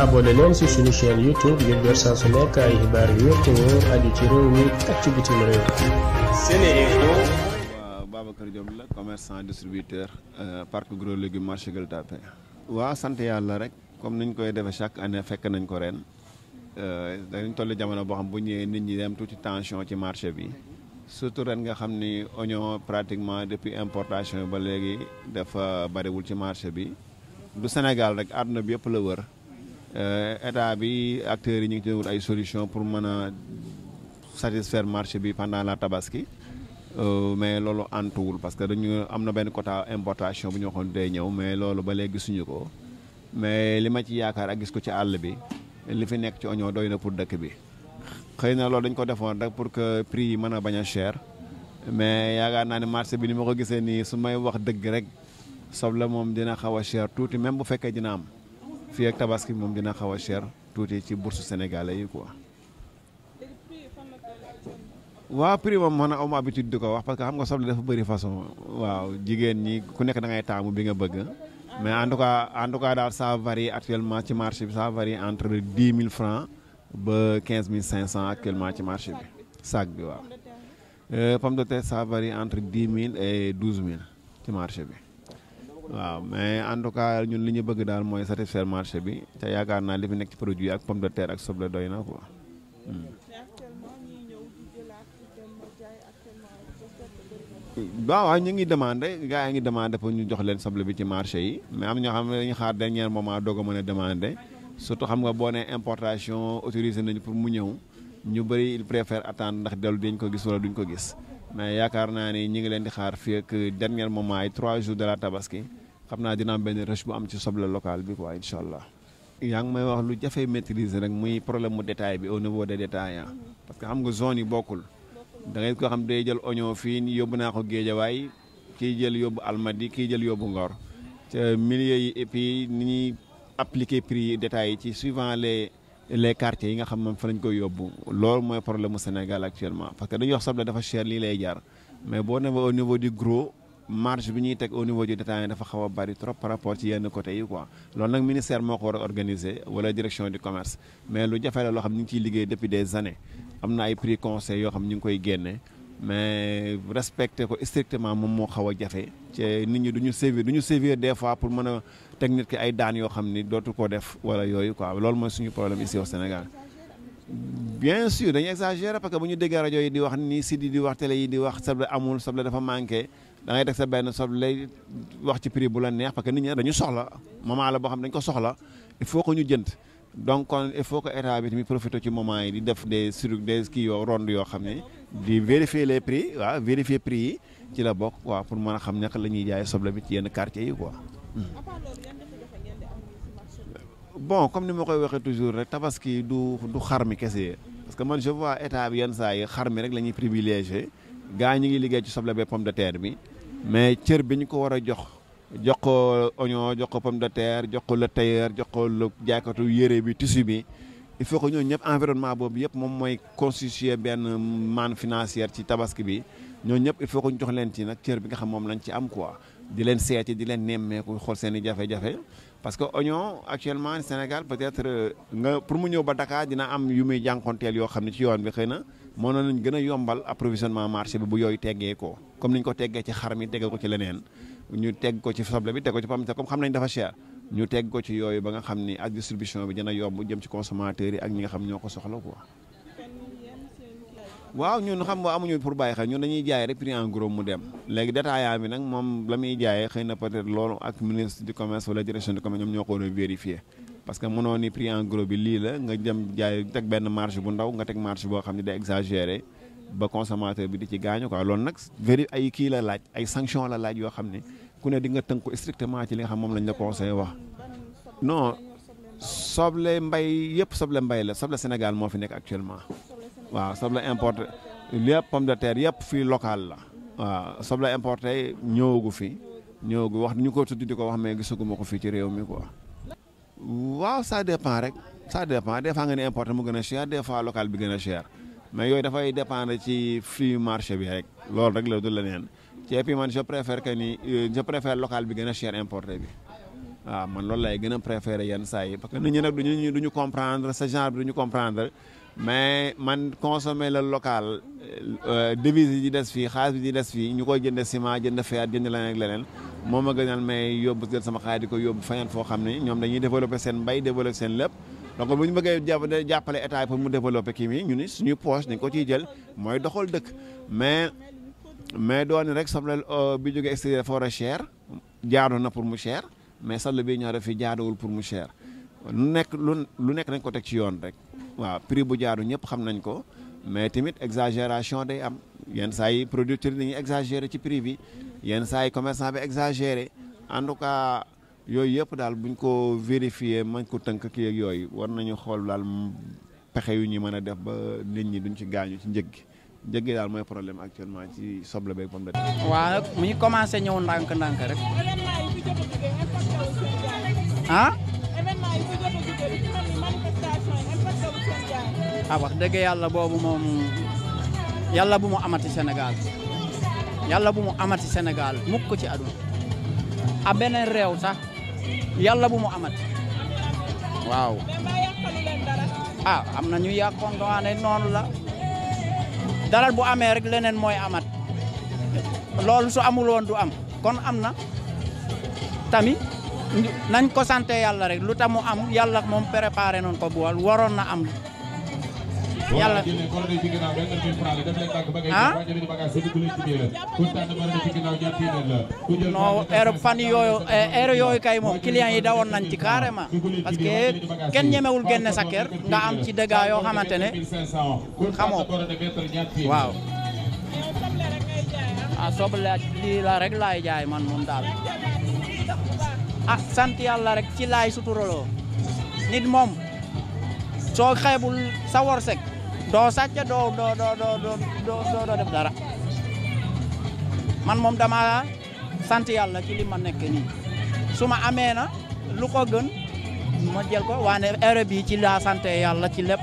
abonné leen si suñu chaîne YouTube ngir jot saa su nekk ay xibaar yu wér ci réew mi ak ci bitim réew. Sénéinfo. waa Babacar Diop la commerçant distributeur euh, parc Gros Légumes marché Gueule waa sant yàlla rek comme niñ koy defee chaque année fekk nañ ko ren euh, dañ toll jamono boo xam bu ñëwee nit ñi dem tuuti tension ci marché bi. surtout ren nga xam ni oignon pratiquement depuis importation ba léegi dafa bariwul ci marché bi du Sénégal rek àdduna bi yëpp la wër. Euh, état bi acteurs yi ñu ngi ci ay solution pour mën a satisfaire marché bi pendant la tabaski euh, mais loolu antuwul parce que dañu am na benn quota importation bu ñu waxoon day ñëw mais loolu ba léegi gisuñu ko mais li ma ci yaakaar ak gis ko ci àll bi li fi nekk ci oignon doy na pour dëkk bi xëy na loolu dañ ko defoon rek pour que prix yi mën a bañ a chair mais yaakaar naa ne marché bi ni ma ko gisee nii su may wax dëgg rek soble moom dina xaw a cher tuuti même bu fekkee dina am fii ak tabaski moom dina xaw a cher tuuti ci bourse sénégalais yi quoi. waaw prix moom man am habitude di ko wax parce que xam nga soble dafa bëri façon waaw jigéen ñi ku nekk da ngay taamu bi nga bëgg. mais en tout cas en tout cas daal ça varie actuellement ci marché bi ça varie entre dix mille francs ba quinze mille cinq cent actuellement ci marché bi sac bi waaw. Euh, pomme de terre ça varie entre dix mille et douze mille ci marché bi. waaw mais en tout cas ñun li ñu bëgg daal mooy satisfaire marché bi te yaakaar naa li fi nekk ci produit ak pomme de terre ak soble doy na quoi. Hmm. waaw ñu ngi demande gars yi ngi demande pour ñu jox leen soble bi ci marché yi mais am ñoo xam ne dañuy xaar dernier moment doo a mën a demandé surtout xam nga boo nee importation autorisé nañu pour mu ñëw ñu bëri il préfère attendre ndax dellu dañ ko gis wala duñ ko gis mais yaakaar naa ni ñu ngi leen di xaar fii ak dernier moment trois jours de la tabaski. xam naa dina am benn rush bu am ci soble local bi quoi incha allah. yaa ngi may wax lu jafe maîtriser rek muy problème mu détail bi au niveau des détaillants mhm. parce que xam nga zone yi bokkul da ngay xam day jël oignon fii yóbbu naa ko géejawaay kii jël yóbbu almadi kii jël yóbbu ngor te milieu yi et puis ni ñuy appliquer prix détail yi ci suivant les les quartiers yi nga xam moom fa lañ koy yóbbu loolu mooy problème Sénégal actuellement parce que dañuy wax soble dafa cher lii lay jaar marge bi ñuy teg au niveau du détaillant dafa xaw a bari trop par rapport ci yenn côté yi quoi loolu nag ministère moo ko war a organiser wala direction du commerce mais lu jafe la loo xam ñu ngi ciy liggéey depuis des années koy génne mais respecter ko strictement moom moo xaw a jafe ci nit ñi du ñu sévir du ñu sévir des fois pour mën a teg nit ki ay daan yoo xam ni dootu ko def wala yooyu quoi loolu mooy suñu problème ici au Sénégal. bien sûr dañuy exagérer parce que bu ñu déggee rajo yi di wax nii si di wax télé yi di wax soble amul soble dafa manqué. da ngay teg sa benn soble lay wax ci prix bu la neex parce que nit ñi dañu soxla moment la boo xam dañ ko soxla il faut que ñu jënd donc kon il faut que état bi tamit profité ci moment yi di def des sur des kii yoo ronde yoo xam ne di vérifier les prix waaw vérifier prix yi ci la bokk quoi pour mën a xam naka la ñuy jaay soble bi ci yenn quartiers yi quoi. Hmm. bon comme ni ma koy waxee toujours rek tabaski du du xar mi kese parce que man je vois état yenn saa yi xar mi rek la ñuy privilégié gaa ñi ngi liggéey ci soble bi pomme de terre bi. mais cër bi ñu ko war a jox jox ko oignon jox ko pomme de terre jox ko le tailleur jox ko le jaaykatu yére bi tissu bi il faut que ñooñu ñëpp environnement boobu yëpp moom mooy constituer benn manne financière ci tabaski bi ñoo ñëpp il foo que ñu jox leen ci nag cër bi nga xam moom lañ ci am quoi di leen seeti di leen nemmeeku xool seen i jafe-jafe parce que oignon actuellement Sénégal peut-être euh, nga pour mu ñëw ba Dakar dina am yu muy jànkonteel yoo xam ne ci yoon bi xëy na moo nañ gën a yombal approvisionnement marché bi bu yooyu teggee ko comme niñ ko teggee ci xar mi tegge ko ci leneen ñu tegg ko ci soble bi teg ko ci pomme comme xam nañ dafa cher ñu tegg ko ci yooyu ba nga xam ni ak distribution bi dana yomb jëm ci consommateur yi ak ñi nga xam ñoo ko soxla ko waaw ñun xam nga amuñu pour bàyyi xel ñun ñuy jaay rek prix en gros mu dem léegi détaillant bi nag moom la muy jaayee xëy na peut-être loolu ak ministre du commerce wala direction du commerce ñoom ñoo ko parce que munoo ni prix en gros bi lii la nga jëm jaay teg benn marge bu ndaw nga teg marge boo xam ne day exagéré ba consommateur bi di ci gaañu quoi loolu nag véri ay kii la laaj ay sanction la laaj yoo xam ne ku ne di nga tënku strictement ci li nga xam moom lañ la conseillé wax non soble mbay yëpp soble mbay la soble Sénégal moo fi nekk actuellement waaw soble importe lépp pomme de terre yëpp fii local la waaw soble importé ñëwagu fi ñëwagu wax ñu ko tuddi di ko wax mais gisaguma ko fii ci réew mi quoi waaw ça dépend rek ça dépend des fois nga ni importé mu gën a cher des fois local bi gën a cher mais yooyu dafay dépendre ci flux marché bi rek loolu rek la du leneen ceeb yi man je préfère que ni euh, je local bi gën a cher importé bi waaw man loolu lay gën a préféré yenn saa yi parce que nit ñi nag duñu duñu comprendre ce genre bi duñu comprendre mais man consommer la local euh, devise yi di des fii xaalis bi di des fii ñu koy jënd ciment jënd fer jënd leneen ak leneen moom a gënal may yóbbu jël sama xaalis di ko yóbbu fañaan foo xam ne ñoom dañuy développé seen mbay développé seen lépp donc bu ñu bëggee jàppale état mu développé kii mi ñu ni suñu poche dañ ko ciy jël mooy doxal dëkk mais mais doon rek soble euh, bi jóge extérieur dafa war a cher jaadu na pour mu cher mais soble bi ñoo def fi jaaduwul pour mu cher lu nekk lu nekk nañ ko teg ci yoon rek waaw prix bu jaadu ñëpp xam nañ ko mais tamit exagération day am yenn saa yi producteurs yi dañuy exagéré ci prix bi yenn saa yi commerçant bi exagéré en tout cas yooyu yëpp daal buñ ko vérifier mañ ko tënk ki ak yooyu war nañu xool daal pexe yu ñu mën a def ba nit ñi duñ ci gaañu ci njëg gi njëg gi daal mooy problème actuellement ci soble beeg pomme de terre. mu ngi commencé ñëw ndànk-ndànk rek. ah. wax dëgg yàlla boobu moom. yàlla bu mu amati Sénégal yàlla bu mu amati Sénégal mukk ci àdduna a beneen réew sax yàlla bu mu amati waaw ah am na ñu yàqoon nga ne noonu la dalal bu amee rek leneen mooy amat loolu su amuloon du am kon am na tamit nañ ko sante yàlla rek lu tax mu am yàlla moom préparé noonu ko bu waroon na am yàlla ah non heure fan yooyu heure yooyu moom clients yi dawoon nañ ci carrément parce que kenn ñemewul génne sa nga am ci dégâts yoo xamante ne xamoo waaw ah soble lii la rek laay jaay man moom daal ah sant yàlla rek ci laay suturaloo nit moom soo xeebul sa worsek doo sàcc doo doo doo doo doo def dara man moom dama sant yàlla ci li ma nekk nii su ma amee na lu ko gën ma jël ko waane heure bii ci la sant yàlla ci lépp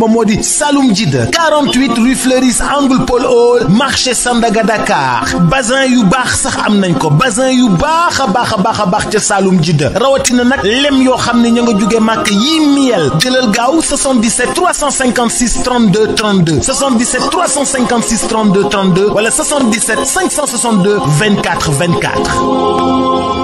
moom moo di Saloum Jide 48 rue Fleuris angle Paul Hall marché Sandaga Dakar bazin yu baax sax am nañ ko basin yu baax a baax a baax a baax ca Saloum Jide rawatina nag lem yoo xam ne ña nga jóge màkk yii miel jëlal gaaw 77 356 32 32 77 356 32 32 wala 77 562 24 24.